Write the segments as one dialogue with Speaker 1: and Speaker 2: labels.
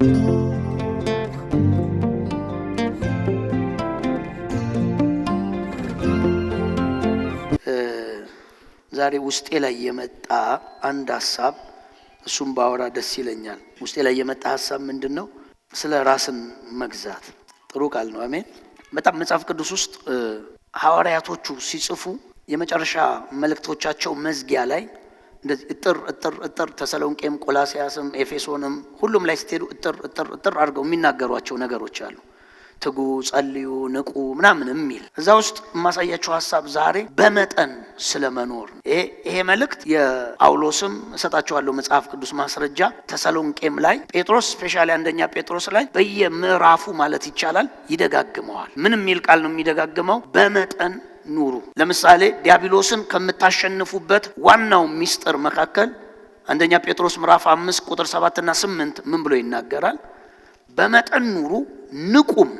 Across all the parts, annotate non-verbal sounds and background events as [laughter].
Speaker 1: ዛሬ ውስጤ ላይ የመጣ አንድ ሀሳብ እሱም ባወራ ደስ ይለኛል። ውስጤ ላይ የመጣ ሀሳብ ምንድን ነው? ስለ ራስን መግዛት። ጥሩ ቃል ነው። አሜን። በጣም መጽሐፍ ቅዱስ ውስጥ ሐዋርያቶቹ ሲጽፉ የመጨረሻ መልእክቶቻቸው መዝጊያ ላይ እንደዚህ እጥር እጥር እጥር ተሰሎንቄም ቆላሲያስም ኤፌሶንም ሁሉም ላይ ስትሄዱ እጥር እጥር እጥር አድርገው የሚናገሯቸው ነገሮች አሉ። ትጉ፣ ጸልዩ፣ ንቁ ምናምን የሚል እዛ ውስጥ የማሳያቸው ሀሳብ ዛሬ በመጠን ስለመኖር ይሄ መልእክት የጳውሎስም እሰጣችኋለሁ መጽሐፍ ቅዱስ ማስረጃ ተሰሎንቄም ላይ ጴጥሮስ ስፔሻሊ አንደኛ ጴጥሮስ ላይ በየምዕራፉ ማለት ይቻላል ይደጋግመዋል። ምን የሚል ቃል ነው የሚደጋግመው? በመጠን ኑሩ። ለምሳሌ ዲያብሎስን ከምታሸንፉበት ዋናው ሚስጥር መካከል አንደኛ ጴጥሮስ ምዕራፍ አምስት ቁጥር ሰባትና ስምንት ምን ብሎ ይናገራል? በመጠን ኑሩ ንቁም፣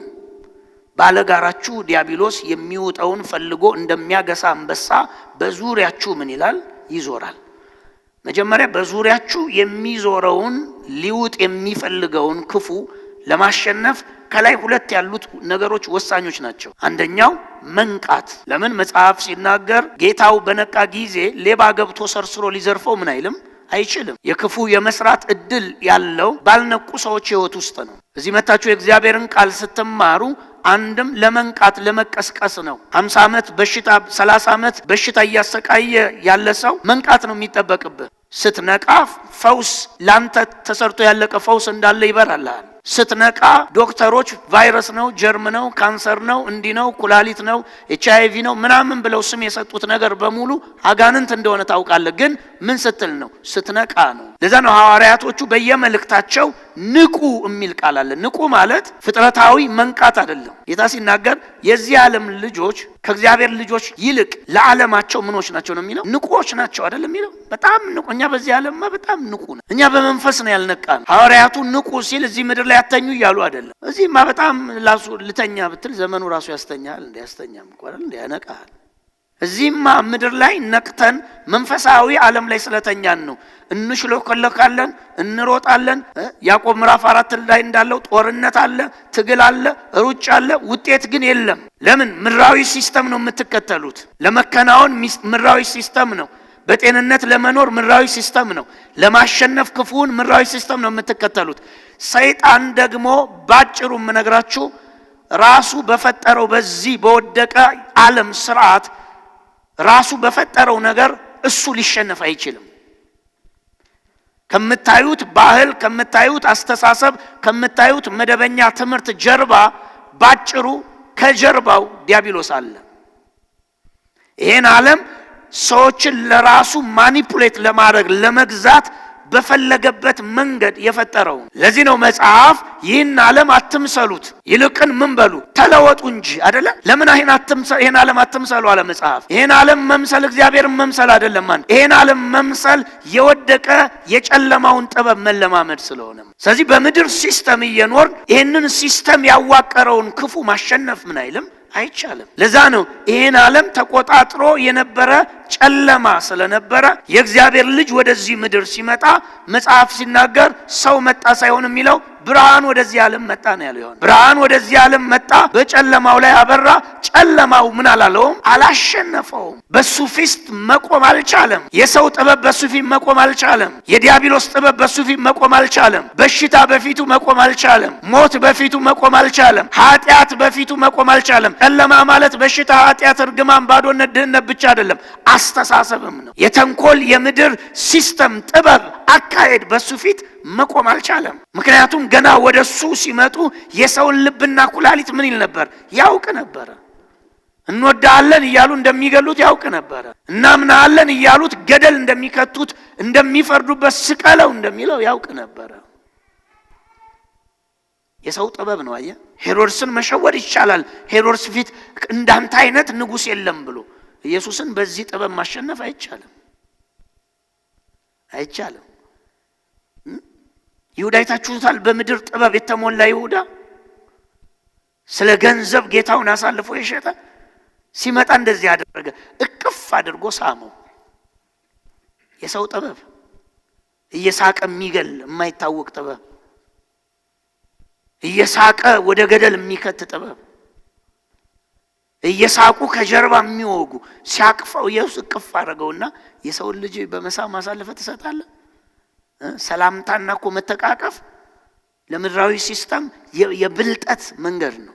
Speaker 1: ባለጋራችሁ ዲያብሎስ የሚውጠውን ፈልጎ እንደሚያገሳ አንበሳ በዙሪያችሁ ምን ይላል? ይዞራል። መጀመሪያ በዙሪያችሁ የሚዞረውን ሊውጥ የሚፈልገውን ክፉ ለማሸነፍ ከላይ ሁለት ያሉት ነገሮች ወሳኞች ናቸው። አንደኛው መንቃት። ለምን መጽሐፍ ሲናገር ጌታው በነቃ ጊዜ ሌባ ገብቶ ሰርስሮ ሊዘርፈው ምን አይልም አይችልም። የክፉ የመስራት እድል ያለው ባልነቁ ሰዎች ህይወት ውስጥ ነው። እዚህ መታችሁ የእግዚአብሔርን ቃል ስትማሩ አንድም ለመንቃት ለመቀስቀስ ነው። ሀምሳ ዓመት በሽታ ሰላሳ ዓመት በሽታ እያሰቃየ ያለ ሰው መንቃት ነው የሚጠበቅብህ። ስትነቃ ፈውስ ላንተ ተሰርቶ ያለቀ ፈውስ እንዳለ ይበራልሃል። ስትነቃ ዶክተሮች ቫይረስ ነው፣ ጀርም ነው፣ ካንሰር ነው፣ እንዲህ ነው፣ ኩላሊት ነው፣ ኤች አይቪ ነው ምናምን ብለው ስም የሰጡት ነገር በሙሉ አጋንንት እንደሆነ ታውቃለህ። ግን ምን ስትል ነው? ስትነቃ ነው። ለዛ ነው ሐዋርያቶቹ በየመልእክታቸው ንቁ የሚል ቃል አለ። ንቁ ማለት ፍጥረታዊ መንቃት አይደለም። ጌታ ሲናገር የዚህ ዓለም ልጆች ከእግዚአብሔር ልጆች ይልቅ ለዓለማቸው ምኖች ናቸው ነው የሚለው። ንቁዎች ናቸው አይደለም የሚለው። በጣም ንቁ። እኛ በዚህ ዓለምማ በጣም ንቁ ነን። እኛ በመንፈስ ነው ያልነቃ ነው። ሐዋርያቱ ንቁ ሲል እዚህ ምድር ላይ አተኙ እያሉ አይደለም። እዚህማ በጣም ላሱ ልተኛ ብትል ዘመኑ ራሱ ያስተኛል። እንዲ ያስተኛም ቆል እንዲ ያነቃል። እዚህማ ምድር ላይ ነቅተን መንፈሳዊ ዓለም ላይ ስለተኛን ነው። እንሽለኮለካለን፣ እንሮጣለን። ያዕቆብ ምዕራፍ አራት ላይ እንዳለው ጦርነት አለ፣ ትግል አለ፣ ሩጫ አለ፣ ውጤት ግን የለም። ለምን? ምድራዊ ሲስተም ነው የምትከተሉት። ለመከናወን ምድራዊ ሲስተም ነው። በጤንነት ለመኖር ምድራዊ ሲስተም ነው። ለማሸነፍ ክፉውን ምድራዊ ሲስተም ነው የምትከተሉት። ሰይጣን ደግሞ ባጭሩ የምነግራችሁ ራሱ በፈጠረው በዚህ በወደቀ ዓለም ስርዓት ራሱ በፈጠረው ነገር እሱ ሊሸነፍ አይችልም። ከምታዩት ባህል፣ ከምታዩት አስተሳሰብ፣ ከምታዩት መደበኛ ትምህርት ጀርባ ባጭሩ ከጀርባው ዲያብሎስ አለ። ይህን ዓለም ሰዎችን ለራሱ ማኒፑሌት ለማድረግ ለመግዛት በፈለገበት መንገድ የፈጠረው። ለዚህ ነው መጽሐፍ ይህን ዓለም አትምሰሉት፣ ይልቅን ምን በሉ ተለወጡ እንጂ አደለ። ለምን ይህን ዓለም አትምሰሉ አለ መጽሐፍ። ይህን ዓለም መምሰል እግዚአብሔርን መምሰል አደለም። ማን ይህን ዓለም መምሰል የወደቀ የጨለማውን ጥበብ መለማመድ ስለሆነ፣ ስለዚህ በምድር ሲስተም እየኖር ይህንን ሲስተም ያዋቀረውን ክፉ ማሸነፍ ምን አይልም አይቻልም። ለዛ ነው ይህን ዓለም ተቆጣጥሮ የነበረ ጨለማ ስለነበረ የእግዚአብሔር ልጅ ወደዚህ ምድር ሲመጣ መጽሐፍ ሲናገር ሰው መጣ ሳይሆን የሚለው ብርሃን ወደዚህ ዓለም መጣ ነው ያለው። ይሆን ብርሃን ወደዚህ ዓለም መጣ፣ በጨለማው ላይ አበራ። ጨለማው ምን አላለውም? አላሸነፈውም። በሱ ፊት መቆም አልቻለም። የሰው ጥበብ በሱ ፊት መቆም አልቻለም። የዲያብሎስ ጥበብ በሱ ፊት መቆም አልቻለም። በሽታ በፊቱ መቆም አልቻለም። ሞት በፊቱ መቆም አልቻለም። ኃጢአት በፊቱ መቆም አልቻለም። ጨለማ ማለት በሽታ፣ ኃጢአት፣ እርግማን፣ ባዶነት፣ ድህነት ብቻ አይደለም፣ አስተሳሰብም ነው። የተንኮል የምድር ሲስተም፣ ጥበብ፣ አካሄድ በሱ ፊት መቆም አልቻለም። ምክንያቱም ገና ወደ እሱ ሲመጡ የሰውን ልብና ኩላሊት ምን ይል ነበር? ያውቅ ነበረ። እንወዳለን እያሉ እንደሚገሉት ያውቅ ነበረ። እናምናለን እያሉት ገደል እንደሚከቱት እንደሚፈርዱበት፣ ስቀለው እንደሚለው ያውቅ ነበረ። የሰው ጥበብ ነው። አየ ሄሮድስን መሸወድ ይቻላል። ሄሮድስ ፊት እንዳንተ አይነት ንጉሥ የለም ብሎ ኢየሱስን በዚህ ጥበብ ማሸነፍ አይቻልም፣ አይቻልም። ይሁዳ አይታችሁታል። በምድር ጥበብ የተሞላ ይሁዳ ስለ ገንዘብ ጌታውን አሳልፎ የሸጠ ሲመጣ እንደዚህ ያደረገ፣ እቅፍ አድርጎ ሳመው። የሰው ጥበብ እየሳቀ የሚገል የማይታወቅ ጥበብ እየሳቀ ወደ ገደል የሚከት ጥበብ፣ እየሳቁ ከጀርባ የሚወጉ ሲያቅፈው ኢየሱስ እቅፍ አድርገውና የሰውን ልጅ በመሳብ ማሳለፈ ትሰጣለ። ሰላምታና እኮ መተቃቀፍ ለምድራዊ ሲስተም የብልጠት መንገድ ነው።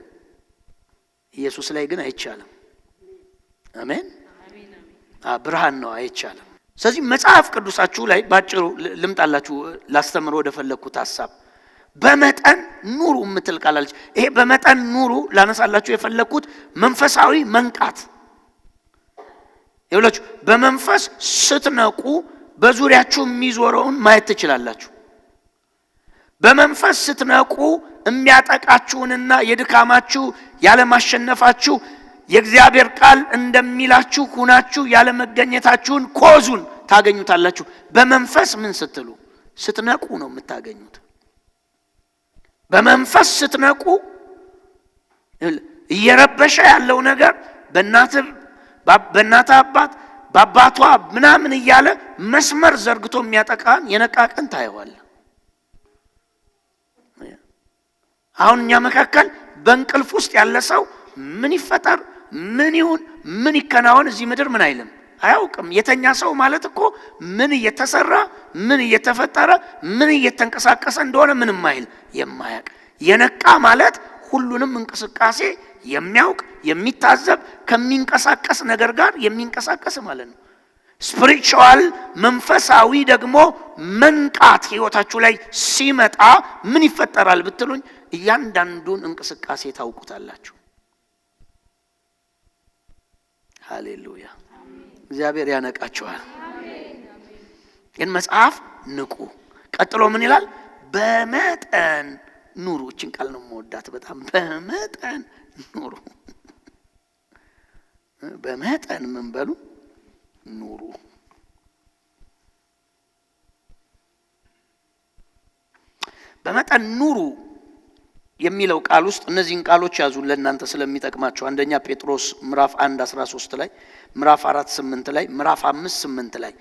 Speaker 1: ኢየሱስ ላይ ግን አይቻልም። አሜን። ብርሃን ነው፣ አይቻልም። ስለዚህ መጽሐፍ ቅዱሳችሁ ላይ ባጭሩ ልምጣላችሁ፣ ላስተምር ወደ ፈለግኩት ሀሳብ በመጠን ኑሩ የምትል ቃላለች። ይሄ በመጠን ኑሩ ላነሳላችሁ የፈለግኩት መንፈሳዊ መንቃት ይብላችሁ። በመንፈስ ስትነቁ በዙሪያችሁ የሚዞረውን ማየት ትችላላችሁ። በመንፈስ ስትነቁ የሚያጠቃችሁንና የድካማችሁ ያለማሸነፋችሁ የእግዚአብሔር ቃል እንደሚላችሁ ሁናችሁ ያለመገኘታችሁን ኮዙን ታገኙታላችሁ። በመንፈስ ምን ስትሉ ስትነቁ ነው የምታገኙት። በመንፈስ ስትነቁ እየረበሸ ያለው ነገር በእናት አባት በአባቷ ምናምን እያለ መስመር ዘርግቶ የሚያጠቃን የነቃቀን ታየዋል። አሁን እኛ መካከል በእንቅልፍ ውስጥ ያለ ሰው ምን ይፈጠር፣ ምን ይሁን፣ ምን ይከናወን እዚህ ምድር ምን አይልም። አያውቅም። የተኛ ሰው ማለት እኮ ምን እየተሰራ ምን እየተፈጠረ ምን እየተንቀሳቀሰ እንደሆነ ምንም አይል የማያውቅ። የነቃ ማለት ሁሉንም እንቅስቃሴ የሚያውቅ የሚታዘብ፣ ከሚንቀሳቀስ ነገር ጋር የሚንቀሳቀስ ማለት ነው። ስፕሪቹዋል መንፈሳዊ ደግሞ መንቃት ህይወታችሁ ላይ ሲመጣ ምን ይፈጠራል ብትሉኝ፣ እያንዳንዱን እንቅስቃሴ ታውቁታላችሁ። ሃሌሉያ እግዚአብሔር ያነቃቸዋል። ግን መጽሐፍ ንቁ። ቀጥሎ ምን ይላል? በመጠን ኑሩ። እችን ቃል ነው መወዳት በጣም በመጠን ኑሩ። በመጠን ምን በሉ ኑሩ። በመጠን ኑሩ የሚለው ቃል ውስጥ እነዚህን ቃሎች ያዙ፣ ለእናንተ ስለሚጠቅማቸው። አንደኛ ጴጥሮስ ምዕራፍ 1 13 ላይ፣ ምራፍ 4 8 ላይ፣ ምራፍ 5 8 ላይ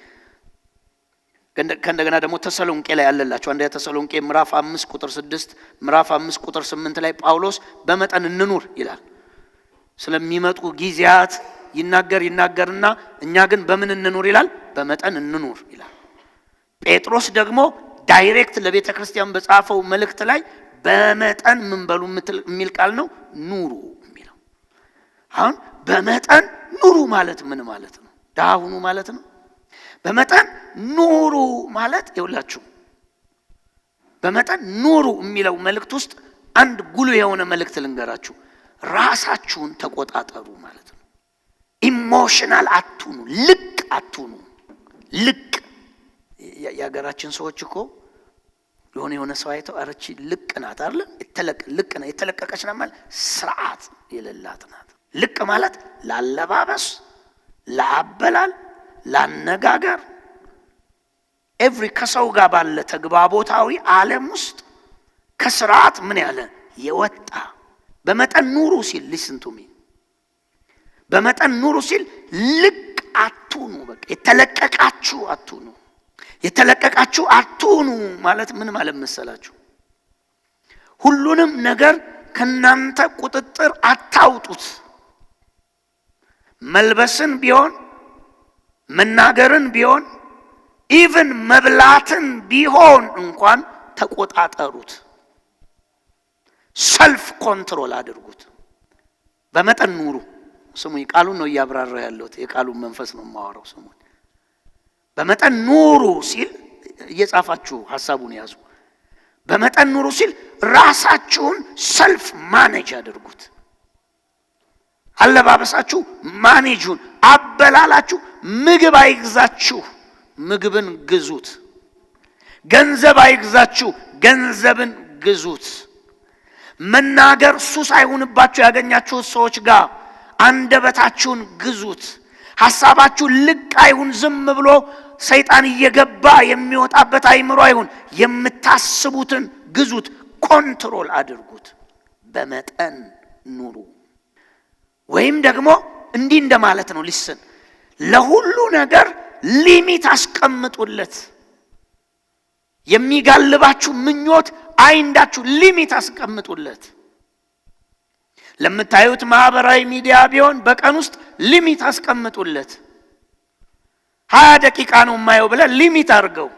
Speaker 1: ከእንደገና ደግሞ ተሰሎንቄ ላይ ያለላቸው አንደኛ ተሰሎንቄ ምዕራፍ 5 ቁጥር 6፣ ምራፍ 5 ቁጥር 8 ላይ ጳውሎስ በመጠን እንኑር ይላል። ስለሚመጡ ጊዜያት ይናገር ይናገርና እኛ ግን በምን እንኑር ይላል? በመጠን እንኑር ይላል። ጴጥሮስ ደግሞ ዳይሬክት ለቤተክርስቲያን በጻፈው መልእክት ላይ በመጠን ምን በሉ የሚል ቃል ነው ኑሩ የሚለው። አሁን በመጠን ኑሩ ማለት ምን ማለት ነው? ዳሁኑ ማለት ነው። በመጠን ኑሩ ማለት ይውላችሁ፣ በመጠን ኑሩ የሚለው መልእክት ውስጥ አንድ ጉሉ የሆነ መልእክት ልንገራችሁ። ራሳችሁን ተቆጣጠሩ ማለት ነው። ኢሞሽናል አትሁኑ፣ ልቅ አትሁኑ። ልቅ የሀገራችን ሰዎች እኮ የሆነ የሆነ ሰው አይተው አረቺ ልቅ ናት አለ ልቅ የተለቀቀች ናት ማለት ስርዓት የሌላት ናት። ልቅ ማለት ላለባበስ፣ ለአበላል፣ ላነጋገር ኤቭሪ ከሰው ጋር ባለ ተግባቦታዊ አለም ውስጥ ከስርዓት ምን ያለ የወጣ በመጠን ኑሩ ሲል ሊስንቱሚ በመጠን ኑሩ ሲል ልቅ አቱኑ በቃ የተለቀቃችሁ አትሁኑ። የተለቀቃችሁ አትሁኑ ማለት ምን ማለት መሰላችሁ? ሁሉንም ነገር ከናንተ ቁጥጥር አታውጡት። መልበስን ቢሆን መናገርን ቢሆን ኢቭን መብላትን ቢሆን እንኳን ተቆጣጠሩት። ሰልፍ ኮንትሮል አድርጉት። በመጠን ኑሩ። ስሙኝ፣ ቃሉን ነው እያብራራ ያለሁት። የቃሉን መንፈስ ነው የማወራው። ስሙኝ በመጠን ኑሩ ሲል እየጻፋችሁ ሀሳቡን ያዙ። በመጠን ኑሩ ሲል ራሳችሁን ሰልፍ ማኔጅ አድርጉት። አለባበሳችሁ ማኔጁን፣ አበላላችሁ ምግብ አይግዛችሁ፣ ምግብን ግዙት። ገንዘብ አይግዛችሁ፣ ገንዘብን ግዙት። መናገር ሱስ አይሁንባችሁ። ያገኛችሁት ሰዎች ጋር አንደበታችሁን ግዙት። ሀሳባችሁ ልቅ አይሁን። ዝም ብሎ ሰይጣን እየገባ የሚወጣበት አይምሮ አይሁን። የምታስቡትን ግዙት፣ ኮንትሮል አድርጉት፣ በመጠን ኑሩ። ወይም ደግሞ እንዲህ እንደማለት ነው። ሊስን ለሁሉ ነገር ሊሚት አስቀምጡለት። የሚጋልባችሁ ምኞት አይንዳችሁ፣ ሊሚት አስቀምጡለት። ለምታዩት ማህበራዊ ሚዲያ ቢሆን በቀን ውስጥ ሊሚት አስቀምጡለት። ሀያ ደቂቃ ነው የማየው ብለ ሊሚት አድርገው።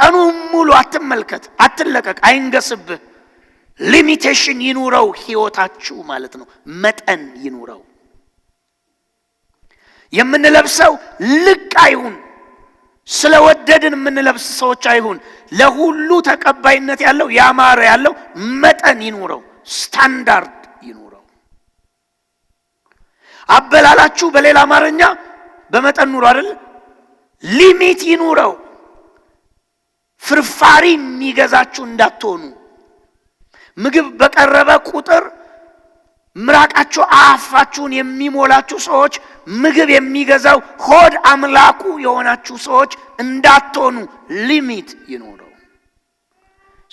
Speaker 1: ቀኑን ሙሉ አትመልከት፣ አትለቀቅ፣ አይንገስብህ። ሊሚቴሽን ይኑረው ህይወታችሁ ማለት ነው። መጠን ይኑረው። የምንለብሰው ልቅ አይሁን። ስለወደድን የምንለብስ ሰዎች አይሁን። ለሁሉ ተቀባይነት ያለው ያማረ ያለው መጠን ይኑረው፣ ስታንዳርድ ይኑረው። አበላላችሁ በሌላ አማርኛ በመጠን ኑሮ አይደል ሊሚት ይኑረው። ፍርፋሪ የሚገዛችሁ እንዳትሆኑ። ምግብ በቀረበ ቁጥር ምራቃችሁ አፋችሁን የሚሞላችሁ ሰዎች፣ ምግብ የሚገዛው ሆድ አምላኩ የሆናችሁ ሰዎች እንዳትሆኑ። ሊሚት ይኖረው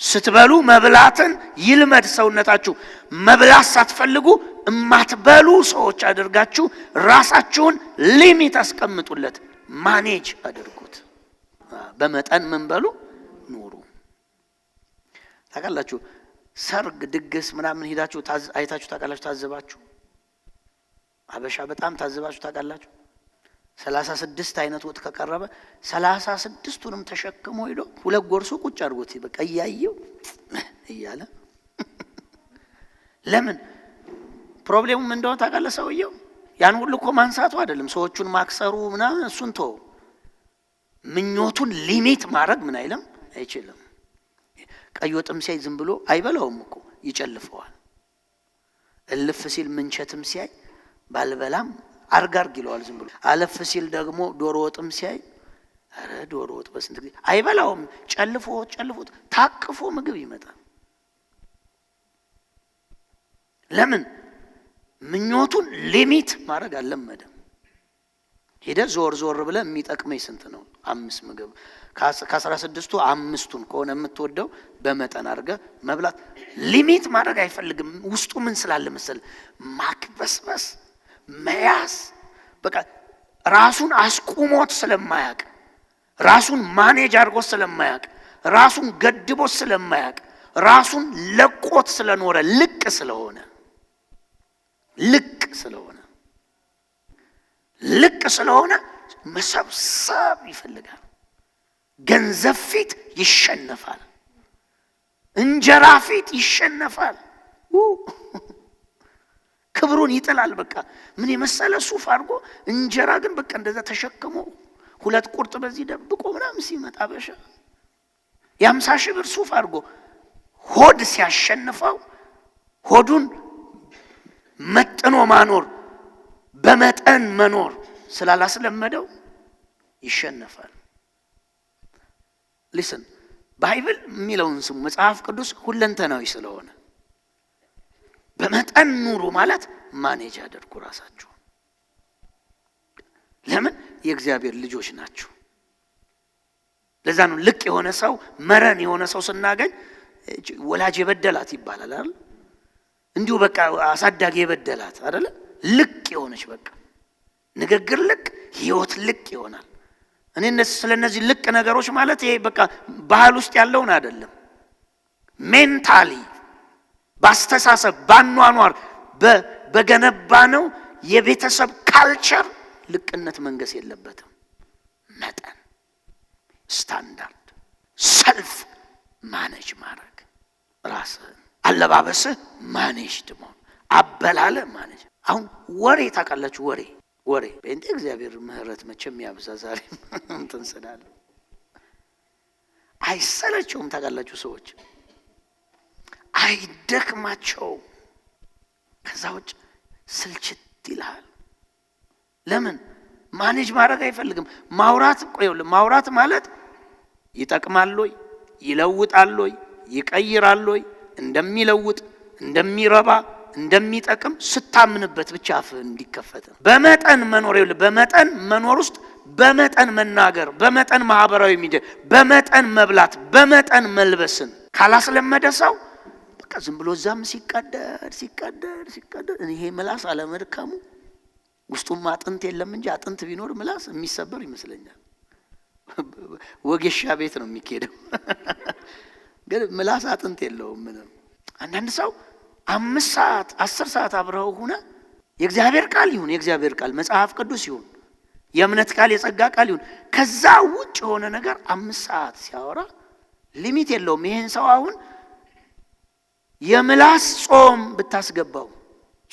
Speaker 1: ስትበሉ መብላትን ይልመድ ሰውነታችሁ። መብላት ሳትፈልጉ እማትበሉ ሰዎች አድርጋችሁ ራሳችሁን ሊሚት አስቀምጡለት። ማኔጅ አድርጉት። በመጠን ምን በሉ ኑሩ። ታውቃላችሁ፣ ሰርግ፣ ድግስ ምናምን ሄዳችሁ አይታችሁ ታውቃላችሁ? ታዘባችሁ? አበሻ በጣም ታዘባችሁ ታውቃላችሁ? ሰላሳ ስድስት አይነት ወጥ ከቀረበ ሰላሳ ስድስቱንም ተሸክሞ ሄዶ ሁለት ጎርሶ ቁጭ አድርጎት በቃ እያየው [sniffs] እያለ [sniffs] ለምን ፕሮብሌሙም እንደሆነ ታውቃለህ ሰውየው ያን ሁሉ እኮ ማንሳቱ አይደለም፣ ሰዎቹን ማክሰሩ ምናምን፣ እሱን ተው። ምኞቱን ሊሚት ማድረግ ምን አይልም አይችልም። ቀይ ወጥም ሲያይ ዝም ብሎ አይበላውም እኮ ይጨልፈዋል። እልፍ ሲል ምንቸትም ሲያይ ባልበላም አርጋርግ ይለዋል ዝም ብሎ። አለፍ ሲል ደግሞ ዶሮ ወጥም ሲያይ ኧረ ዶሮ ወጥ በስንት ጊዜ አይበላውም። ጨልፎ ጨልፎት ታቅፎ ምግብ ይመጣል። ለምን ምኞቱን ሊሚት ማድረግ አልለመደም። ሄደ ዞር ዞር ብለ የሚጠቅመኝ ስንት ነው? አምስት ምግብ ከአስራ ስድስቱ አምስቱን ከሆነ የምትወደው በመጠን አድርገ መብላት። ሊሚት ማድረግ አይፈልግም። ውስጡ ምን ስላለ መሰል ማክበስበስ፣ መያዝ በቃ ራሱን አስቁሞት ስለማያቅ፣ ራሱን ማኔጅ አድርጎት ስለማያቅ፣ ራሱን ገድቦት ስለማያቅ፣ ራሱን ለቆት ስለኖረ ልቅ ስለሆነ ልቅ ስለሆነ ልቅ ስለሆነ መሰብሰብ ይፈልጋል። ገንዘብ ፊት ይሸነፋል። እንጀራ ፊት ይሸነፋል። ክብሩን ይጥላል። በቃ ምን የመሰለ ሱፍ አድርጎ እንጀራ ግን በቃ እንደዛ ተሸክሞ ሁለት ቁርጥ በዚህ ደብቆ ምናምን ሲመጣ በሻ የአምሳ ሺህ ብር ሱፍ አድርጎ ሆድ ሲያሸንፈው ሆዱን መጥኖ ማኖር በመጠን መኖር ስላላስለመደው ይሸነፋል። ሊስን ባይብል የሚለውን ስሙ። መጽሐፍ ቅዱስ ሁለንተናዊ ስለሆነ በመጠን ኑሩ ማለት ማኔጅ አድርጉ ራሳችሁ። ለምን የእግዚአብሔር ልጆች ናችሁ። ለዛ ነው ልቅ የሆነ ሰው መረን የሆነ ሰው ስናገኝ ወላጅ የበደላት ይባላል አይደል? እንዲሁ በቃ አሳዳጊ የበደላት አደለ? ልቅ የሆነች በቃ ንግግር ልቅ፣ ህይወት ልቅ ይሆናል። እኔ ስለ እነዚህ ልቅ ነገሮች ማለት ይሄ በቃ ባህል ውስጥ ያለውን አይደለም። ሜንታሊ በአስተሳሰብ ባኗኗር በገነባ ነው የቤተሰብ ካልቸር ልቅነት መንገስ የለበትም። መጠን፣ ስታንዳርድ፣ ሰልፍ ማነጅ ማድረግ ራስህን አለባበስ ማኔጅድ መሆን፣ አበላለ ማኔጅ። አሁን ወሬ ታውቃላችሁ፣ ወሬ ወሬ እንደ እግዚአብሔር ምህረት መቼም ያብዛ። ዛሬ [laughs] እንትን ስላለ አይሰለቸውም። ታውቃላችሁ ሰዎች አይደክማቸው ከዛ ውጭ ስልችት ይልሃል። ለምን ማኔጅ ማድረግ አይፈልግም። ማውራት ቆይል ማውራት ማለት ይጠቅማል ወይ ይለውጣል ወይ ይቀይራል ወይ እንደሚለውጥ፣ እንደሚረባ፣ እንደሚጠቅም ስታምንበት ብቻ አፍ እንዲከፈት በመጠን መኖር ይል በመጠን መኖር ውስጥ በመጠን መናገር፣ በመጠን ማህበራዊ ሚዲያ፣ በመጠን መብላት፣ በመጠን መልበስን ካላስለመደ ሰው በቃ ዝም ብሎ እዛም ሲቀደድ ሲቀደድ ሲቀደድ ይሄ ምላስ አለመድከሙ ውስጡም አጥንት የለም እንጂ አጥንት ቢኖር ምላስ የሚሰበር ይመስለኛል። ወጌሻ ቤት ነው የሚካሄደው። [laughs] ግን ምላስ አጥንት የለውም ምንም። አንዳንድ ሰው አምስት ሰዓት አስር ሰዓት አብረው ሆነ የእግዚአብሔር ቃል ይሁን የእግዚአብሔር ቃል መጽሐፍ ቅዱስ ይሁን የእምነት ቃል የጸጋ ቃል ይሁን ከዛ ውጭ የሆነ ነገር አምስት ሰዓት ሲያወራ ሊሚት የለውም። ይህን ሰው አሁን የምላስ ጾም ብታስገባው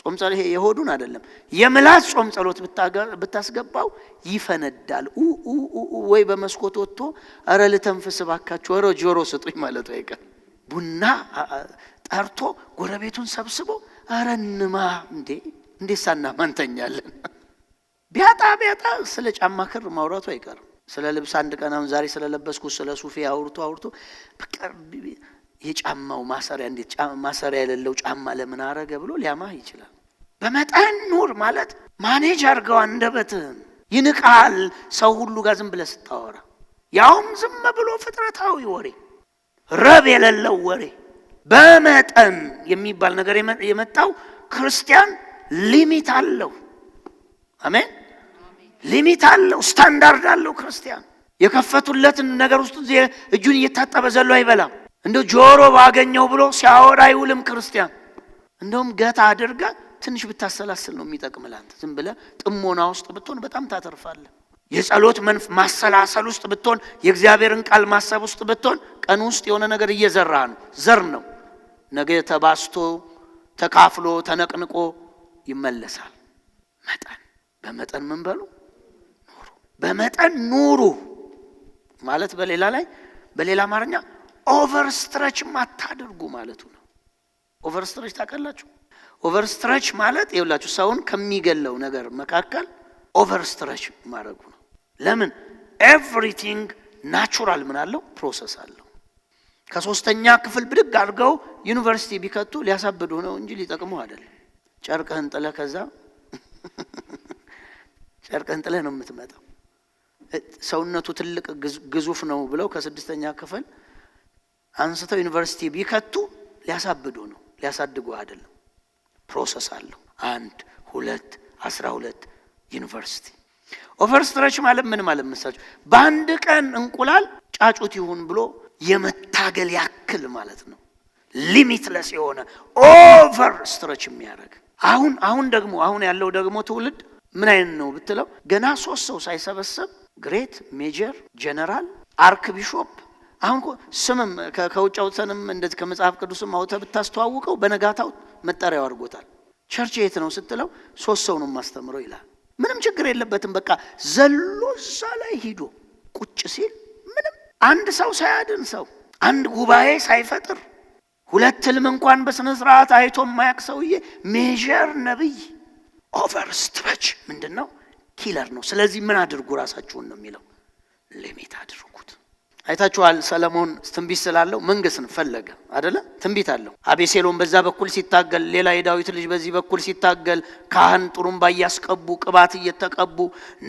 Speaker 1: ጾም ጸሎት ይሄ የሆዱን አይደለም፣ የምላስ ጾም ጸሎት ብታስገባው ይፈነዳል። ወይ በመስኮት ወጥቶ ኧረ ልተንፍስ እባካችሁ፣ ኧረ ጆሮ ስጡኝ ማለቱ አይቀር ቡና ጠርቶ ጎረቤቱን ሰብስቦ ኧረ ንማ እንዴ እንዴ ሳና ማንተኛለን ቢያጣ ቢያጣ ስለ ጫማ ክር ማውራቱ አይቀርም። ስለ ልብስ አንድ ቀን አሁን ዛሬ ስለለበስኩት ስለ ሱፊ አውርቶ አውርቶ በቃ የጫማው ማሰሪያ እንዴት ማሰሪያ የሌለው ጫማ ለምን አረገ ብሎ ሊያማህ ይችላል። በመጠን ኑር ማለት ማኔጅ አርገው አንደበትህን። ይንቃል ሰው ሁሉ ጋር ዝም ብለ ስታወራ፣ ያውም ዝም ብሎ ፍጥረታዊ ወሬ፣ ረብ የሌለው ወሬ። በመጠን የሚባል ነገር የመጣው ክርስቲያን ሊሚት አለው። አሜን። ሊሚት አለው፣ ስታንዳርድ አለው። ክርስቲያን የከፈቱለትን ነገር ውስጥ እጁን እየታጠበ ዘሎ አይበላም። እንደ ጆሮ ባገኘው ብሎ ሲያወራ አይውልም። ክርስቲያን እንደውም ገታ አድርገህ ትንሽ ብታሰላስል ነው የሚጠቅም ላንተ። ዝም ብለ ጥሞና ውስጥ ብትሆን በጣም ታተርፋለ የጸሎት መንፍ ማሰላሰል ውስጥ ብትሆን፣ የእግዚአብሔርን ቃል ማሰብ ውስጥ ብትሆን፣ ቀን ውስጥ የሆነ ነገር እየዘራ ነው። ዘር ነው። ነገ ተባስቶ ተካፍሎ ተነቅንቆ ይመለሳል። መጠን በመጠን ምን በሉ ኑሩ። በመጠን ኑሩ ማለት በሌላ ላይ በሌላ አማርኛ ኦቨርስትረች አታድርጉ ማለቱ ነው። ኦቨርስትረች ታቀላችሁ ኦቨርስትረች ማለት የውላችሁ ሰውን ከሚገለው ነገር መካከል ኦቨርስትረች ማድረጉ ነው። ለምን ኤቭሪቲንግ ናቹራል ምን አለው ፕሮሰስ አለው። ከሶስተኛ ክፍል ብድግ አድርገው ዩኒቨርሲቲ ቢከቱ ሊያሳብዱ ነው እንጂ ሊጠቅሙ አይደለም። ጨርቅህን ጥለ ከዛ [laughs] ጨርቅህን ጥለ ነው የምትመጣው። ሰውነቱ ትልቅ ግዙፍ ነው ብለው ከስድስተኛ ክፍል አንስተው ዩኒቨርሲቲ ቢከቱ ሊያሳብዱ ነው፣ ሊያሳድጉ አይደለም። ፕሮሰስ አለው። አንድ ሁለት አስራ ሁለት ዩኒቨርሲቲ ኦቨር ስትረች ማለት ምን ማለት መሳቸው በአንድ ቀን እንቁላል ጫጩት ይሁን ብሎ የመታገል ያክል ማለት ነው። ሊሚትለስ የሆነ ኦቨር ስትረች የሚያደርግ አሁን አሁን ደግሞ አሁን ያለው ደግሞ ትውልድ ምን አይነት ነው ብትለው ገና ሶስት ሰው ሳይሰበሰብ ግሬት፣ ሜጀር፣ ጀነራል፣ አርክ ቢሾፕ አሁን ስምም ከውጭ አውጥተንም እንደዚህ ከመጽሐፍ ቅዱስም አውተ ብታስተዋውቀው በነጋታው መጠሪያው አድርጎታል። ቸርች የት ነው ስትለው ሶስት ሰው ነው የማስተምረው ይላል። ምንም ችግር የለበትም። በቃ ዘሎ እዛ ላይ ሂዶ ቁጭ ሲል ምንም አንድ ሰው ሳያድን ሰው አንድ ጉባኤ ሳይፈጥር ሁለት ህልም እንኳን በሥነ ሥርዓት አይቶ የማያቅ ሰውዬ ሜጀር ነቢይ ኦቨር ስትረች ምንድን ነው ኪለር ነው። ስለዚህ ምን አድርጉ? ራሳችሁን ነው የሚለው ሊሚት አድርጉት። አይታችኋል። ሰለሞን ትንቢት ስላለው መንግስትን ፈለገ አደለ? ትንቢት አለው። አቤሴሎም በዛ በኩል ሲታገል፣ ሌላ የዳዊት ልጅ በዚህ በኩል ሲታገል፣ ካህን ጥሩምባ እያስቀቡ ቅባት እየተቀቡ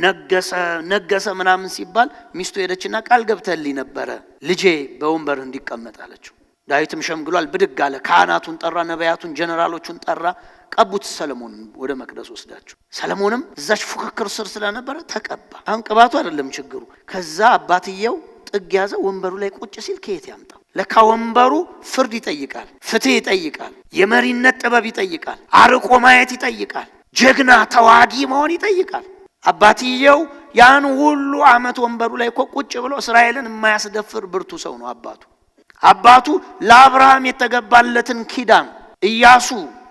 Speaker 1: ነገሰ ነገሰ ምናምን ሲባል ሚስቱ ሄደችና ቃል ገብተልኝ ነበረ ልጄ በወንበር እንዲቀመጥ አለችው። ዳዊትም ሸምግሏል፣ ብድግ አለ። ካህናቱን ጠራ፣ ነቢያቱን፣ ጀነራሎቹን ጠራ። ቀቡት ሰለሞንን ወደ መቅደስ ወስዳቸው። ሰለሞንም እዛች ፉክክር ስር ስለነበረ ተቀባ። አሁን ቅባቱ አይደለም ችግሩ። ከዛ አባትየው ጥግ ያዘ። ወንበሩ ላይ ቁጭ ሲል ከየት ያምጣው? ለካ ወንበሩ ፍርድ ይጠይቃል፣ ፍትህ ይጠይቃል፣ የመሪነት ጥበብ ይጠይቃል፣ አርቆ ማየት ይጠይቃል፣ ጀግና ተዋጊ መሆን ይጠይቃል። አባትየው ያን ሁሉ ዓመት ወንበሩ ላይ እኮ ቁጭ ብሎ እስራኤልን የማያስደፍር ብርቱ ሰው ነው አባቱ። አባቱ ለአብርሃም የተገባለትን ኪዳን እያሱ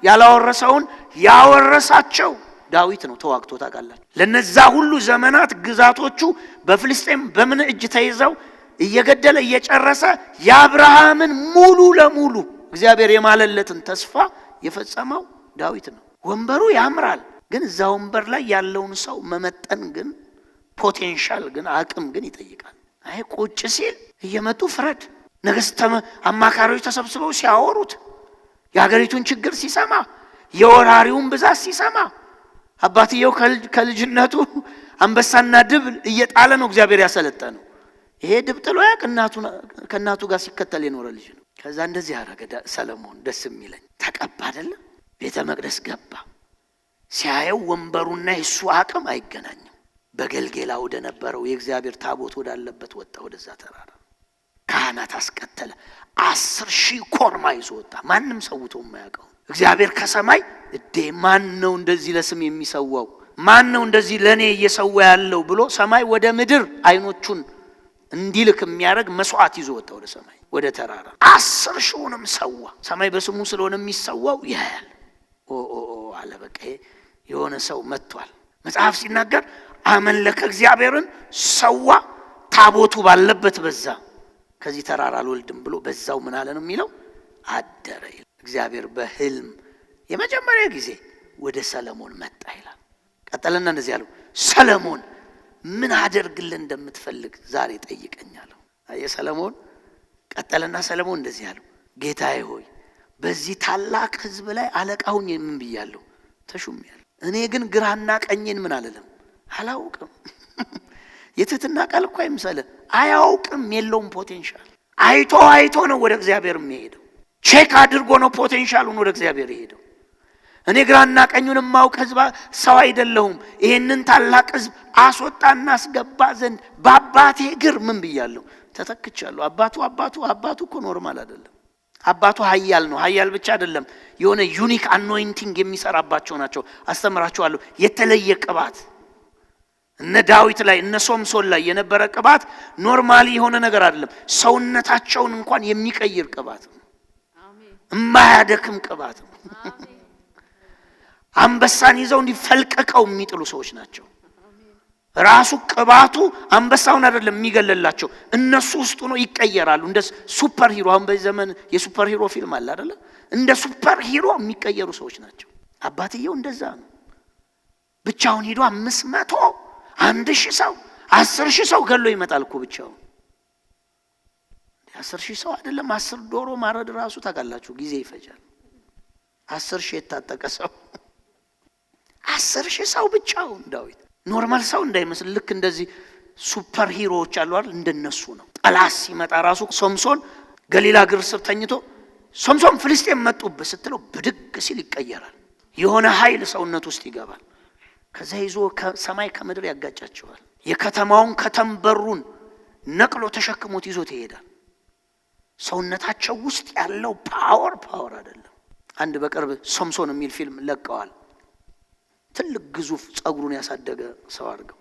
Speaker 1: ያላወረሰውን ያወረሳቸው ዳዊት ነው። ተዋግቶ ታውቃላችሁ። ለነዛ ሁሉ ዘመናት ግዛቶቹ በፍልስጤም በምን እጅ ተይዘው እየገደለ እየጨረሰ የአብርሃምን ሙሉ ለሙሉ እግዚአብሔር የማለለትን ተስፋ የፈጸመው ዳዊት ነው። ወንበሩ ያምራል፣ ግን እዛ ወንበር ላይ ያለውን ሰው መመጠን ግን ፖቴንሻል ግን አቅም ግን ይጠይቃል። አይ ቁጭ ሲል እየመጡ ፍረድ። ነገስት አማካሪዎች ተሰብስበው ሲያወሩት፣ የሀገሪቱን ችግር ሲሰማ፣ የወራሪውን ብዛት ሲሰማ አባትየው ከልጅነቱ አንበሳና ድብ እየጣለ ነው እግዚአብሔር ያሰለጠነው። ይሄ ድብጥሎ ከእናቱ ጋር ሲከተል የኖረ ልጅ ነው። ከዛ እንደዚህ አረገ ሰለሞን። ደስ የሚለኝ ተቀባ አይደለም ቤተ መቅደስ ገባ። ሲያየው ወንበሩና የሱ አቅም አይገናኝም። በገልጌላ ወደ ነበረው የእግዚአብሔር ታቦት ወዳለበት ወጣ። ወደዛ ተራራ ካህናት አስቀተለ። አስር ሺህ ኮርማ ይዞ ወጣ። ማንም ሰውቶ የማያውቀው እግዚአብሔር ከሰማይ እዴ ማን ነው እንደዚህ ለስም የሚሰዋው? ማን ነው እንደዚህ ለእኔ እየሰዋ ያለው ብሎ ሰማይ ወደ ምድር አይኖቹን እንዲልክ የሚያደርግ መስዋዕት ይዞ ወጣ ወደ ሰማይ ወደ ተራራ። አስር ሺውንም ሰዋ። ሰማይ በስሙ ስለሆነ የሚሰዋው ያያል አለ። በቃ የሆነ ሰው መጥቷል። መጽሐፍ ሲናገር አመለከ፣ እግዚአብሔርን ሰዋ፣ ታቦቱ ባለበት በዛ ከዚህ ተራራ አልወልድም ብሎ በዛው ምን አለ ነው የሚለው አደረ። እግዚአብሔር በህልም የመጀመሪያ ጊዜ ወደ ሰለሞን መጣ ይላል። ቀጠለና እንደዚህ ያለው ሰለሞን ምን አደርግልን እንደምትፈልግ ዛሬ ጠይቀኝ አለው። የሰለሞን ቀጠለና ሰለሞን እንደዚህ አለው፣ ጌታዬ ሆይ በዚህ ታላቅ ሕዝብ ላይ አለቃሁኝ ምን ብያለሁ? ተሹሜያለሁ። እኔ ግን ግራና ቀኝን ምን አልልም አላውቅም። [laughs] የትህትና ቃል እኮ አይምሰልህ። አያውቅም፣ የለውም ፖቴንሻል። አይቶ አይቶ ነው ወደ እግዚአብሔር የሚሄደው። ቼክ አድርጎ ነው ፖቴንሻሉን ወደ እግዚአብሔር የሄደው። እኔ ግራና ቀኙን የማውቅ ህዝብ ሰው አይደለሁም። ይህንን ታላቅ ህዝብ አስወጣና አስገባ ዘንድ በአባቴ እግር ምን ብያለሁ? ተተክቻለሁ። አባቱ አባቱ አባቱ እኮ ኖርማል አይደለም። አባቱ ሀያል ነው። ሀያል ብቻ አይደለም፣ የሆነ ዩኒክ አኖይንቲንግ የሚሰራባቸው ናቸው። አስተምራቸዋለሁ የተለየ ቅባት እነ ዳዊት ላይ እነ ሶምሶን ላይ የነበረ ቅባት ኖርማሊ የሆነ ነገር አይደለም። ሰውነታቸውን እንኳን የሚቀይር ቅባት ነው። እማያደክም ቅባት ነው። አንበሳን ይዘው እንዲፈልቀቀው የሚጥሉ ሰዎች ናቸው። ራሱ ቅባቱ አንበሳውን አይደለም የሚገለላቸው፣ እነሱ ውስጡ ነው ይቀየራሉ። እንደ ሱፐር ሂሮ አሁን በዚህ ዘመን የሱፐር ሂሮ ፊልም አለ አይደለ? እንደ ሱፐር ሂሮ የሚቀየሩ ሰዎች ናቸው። አባትየው እንደዛ ነው። ብቻውን ሂዶ አምስት መቶ አንድ ሺህ ሰው አስር ሺህ ሰው ገሎ ይመጣል እኮ ብቻውን። አስር ሺህ ሰው አይደለም አስር ዶሮ ማረድ ራሱ ታውቃላችሁ ጊዜ ይፈጃል። አስር ሺህ የታጠቀ ሰው አስር ሺህ ሰው ብቻውን ዳዊት ኖርማል ሰው እንዳይመስል ልክ እንደዚህ ሱፐር ሂሮዎች አሉ አይደል? እንደነሱ ነው። ጠላት ሲመጣ ራሱ ሶምሶን ገሊላ ግር ስር ተኝቶ ሶምሶን ፍልስጤም መጡብህ ስትለው ብድግ ሲል ይቀየራል። የሆነ ኃይል ሰውነት ውስጥ ይገባል። ከዛ ይዞ ሰማይ ከምድር ያጋጫቸዋል። የከተማውን ከተምበሩን ነቅሎ ተሸክሞት ይዞት ይሄዳል። ሰውነታቸው ውስጥ ያለው ፓወር ፓወር አይደለም። አንድ በቅርብ ሶምሶን የሚል ፊልም ለቀዋል። ትልቅ ግዙፍ ጸጉሩን ያሳደገ ሰው አድርገው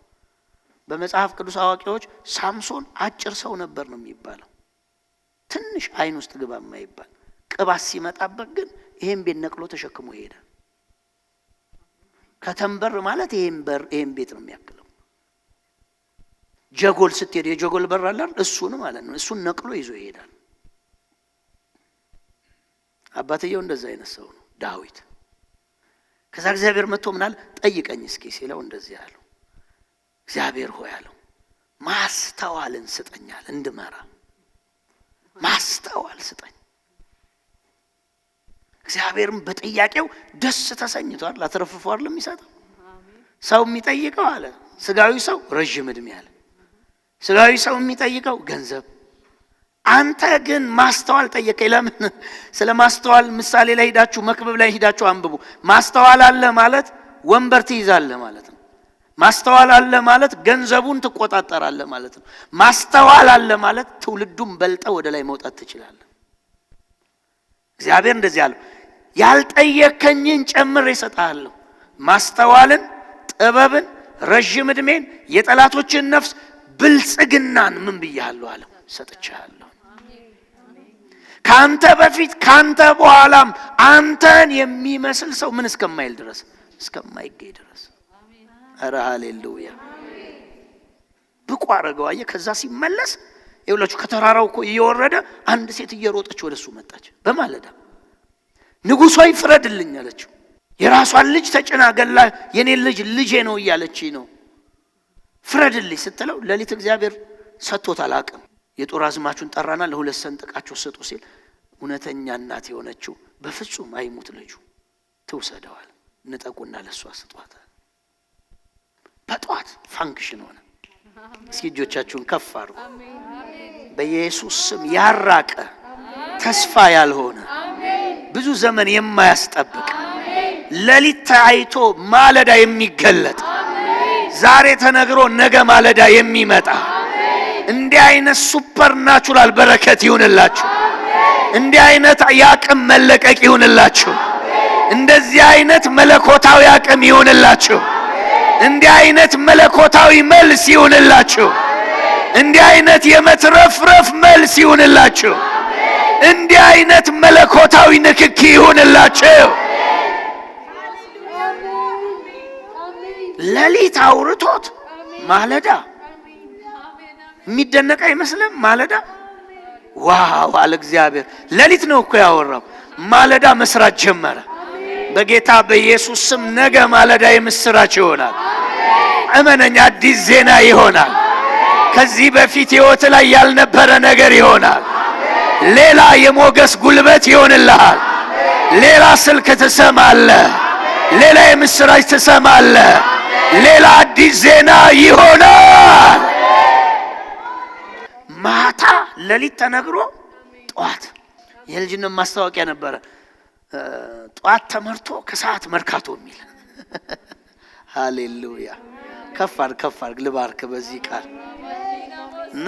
Speaker 1: በመጽሐፍ ቅዱስ አዋቂዎች ሳምሶን አጭር ሰው ነበር ነው የሚባለው። ትንሽ አይን ውስጥ ግባ የማይባል ቅባት ሲመጣበት ግን ይሄን ቤት ነቅሎ ተሸክሞ ይሄዳል። ከተንበር ማለት ይሄን በር ይሄን ቤት ነው የሚያክለው። ጀጎል ስትሄድ የጀጎል በር አለ እሱን ማለት ነው። እሱን ነቅሎ ይዞ ይሄዳል። አባትየው እንደዛ አይነት ሰው ነው ዳዊት ከዛ እግዚአብሔር መጥቶ ምናል ጠይቀኝ እስኪ ሲለው እንደዚህ አለው፣ እግዚአብሔር ሆይ አለው ማስተዋልን ስጠኛል እንድመራ ማስተዋል ስጠኝ። እግዚአብሔርም በጥያቄው ደስ ተሰኝቷል። አትረፍፎ አይደል የሚሰጠው ሰው የሚጠይቀው አለ ስጋዊ ሰው ረዥም እድሜ አለ ስጋዊ ሰው የሚጠይቀው ገንዘብ አንተ ግን ማስተዋል ጠየቀኝ። ለምን? ስለ ማስተዋል ምሳሌ ላይ ሂዳችሁ መክብብ ላይ ሂዳችሁ አንብቡ። ማስተዋል አለ ማለት ወንበር ትይዛለ ማለት ነው። ማስተዋል አለ ማለት ገንዘቡን ትቆጣጠራለ ማለት ነው። ማስተዋል አለ ማለት ትውልዱን በልጠ ወደ ላይ መውጣት ትችላለ። እግዚአብሔር እንደዚህ አለው፣ ያልጠየከኝን ጨምር እሰጥሃለሁ። ማስተዋልን፣ ጥበብን፣ ረዥም ዕድሜን፣ የጠላቶችን ነፍስ፣ ብልጽግናን ምን ብያለሁ አለው ሰጥቻለሁ። ከአንተ በፊት ከአንተ በኋላም አንተን የሚመስል ሰው ምን እስከማይል ድረስ እስከማይገኝ ድረስ። ኧረ ሃሌሉያ! ብቁ አረገው። አየ ከዛ ሲመለስ ይውላችሁ ከተራራው እኮ እየወረደ አንድ ሴት እየሮጠች ወደ እሱ መጣች። በማለዳ ንጉሷ ሆይ ፍረድልኝ አለችው። የራሷን ልጅ ተጭና ገላ ልጅ ልጄ ነው እያለች ነው። ፍረድልኝ ስትለው ሌሊት እግዚአብሔር ሰጥቶታል አቅም የጦር አዝማቹን ጠራና ለሁለት ሰንጥቃቸው ሰጡ ሲል እውነተኛ እናት የሆነችው በፍጹም አይሙት ልጁ ትውሰደዋል። ንጠቁና ለእሷ ስጧት በጠዋት ፋንክሽን ሆነ። እስኪ እጆቻችሁን ከፍ አድርጉ። በኢየሱስ ስም ያራቀ ተስፋ ያልሆነ ብዙ ዘመን የማያስጠብቅ ለሊት ተአይቶ ማለዳ የሚገለጥ ዛሬ ተነግሮ ነገ ማለዳ የሚመጣ እንዲህ አይነት ሱፐር ናቹራል በረከት ይሁንላችሁ። እንዲህ አይነት የአቅም መለቀቅ ይሁንላችሁ። እንደዚህ አይነት መለኮታዊ አቅም ይሁንላችሁ። እንዲህ አይነት መለኮታዊ መልስ ይሁንላችሁ። እንዲህ አይነት የመትረፍረፍ መልስ ይሁንላችሁ። እንዲህ አይነት መለኮታዊ ንክኪ ይሁንላችሁ። ሌሊት አውርቶት ማለዳ የሚደነቅ አይመስልም? ማለዳ ዋው አለ እግዚአብሔር። ሌሊት ነው እኮ ያወራው። ማለዳ መስራት ጀመረ። በጌታ በኢየሱስ ስም ነገ ማለዳ የምስራች ይሆናል። እመነኝ፣ አዲስ ዜና ይሆናል። ከዚህ በፊት ሕይወት ላይ ያልነበረ ነገር ይሆናል። ሌላ የሞገስ ጉልበት ይሆንልሃል። ሌላ ስልክ ትሰማለ፣ ሌላ የምስራች ትሰማለ፣ ሌላ አዲስ ዜና ይሆናል። ማታ ሌሊት ተነግሮ ጠዋት የልጅነት ማስታወቂያ ነበረ። ጠዋት ተመርቶ ከሰዓት መርካቶ የሚል [laughs] ሃሌሉያ። ከፋር ከፋር ልባርክ። በዚህ ቃል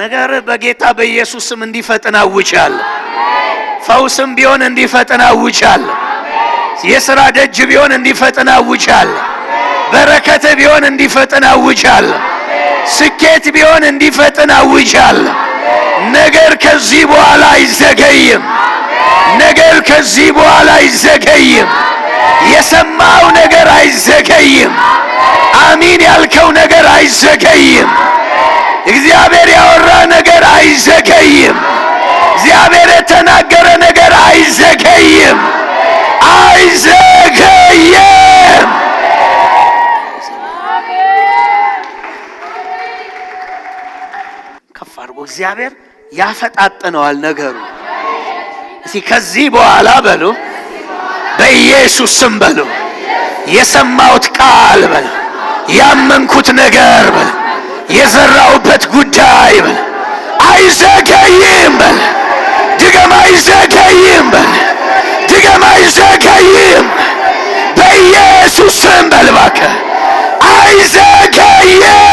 Speaker 1: ነገር በጌታ በኢየሱስም እንዲፈጥን አውጃለሁ። ፈውስም ቢሆን እንዲፈጥን አውጃለሁ። የሥራ ደጅ ቢሆን እንዲፈጥን አውጃለሁ። በረከት ቢሆን እንዲፈጥን አውጃለሁ። ስኬት ቢሆን እንዲፈጥን አውጃለሁ። ነገር ከዚህ በኋላ አይዘገይም። ነገር ከዚህ በኋላ አይዘገይም። የሰማው ነገር አይዘገይም። አሚን ያልከው ነገር አይዘገይም። እግዚአብሔር ያወራ ነገር አይዘገይም። እግዚአብሔር የተናገረ ነገር አይዘገይም። አይዘገይም። እግዚአብሔር ያፈጣጥነዋል ነገሩ። እስኪ ከዚህ በኋላ በሉ፣ በኢየሱስ ስም በሉ፣ የሰማሁት ቃል በሉ፣ ያመንኩት ነገር በሉ፣ የዘራሁበት ጉዳይ በሉ፣ አይዘገይም በል፣ ድገም፣ አይዘገይም በል፣ ድገም፣ አይዘገይም በኢየሱስ ስም በል፣ አይዘገይም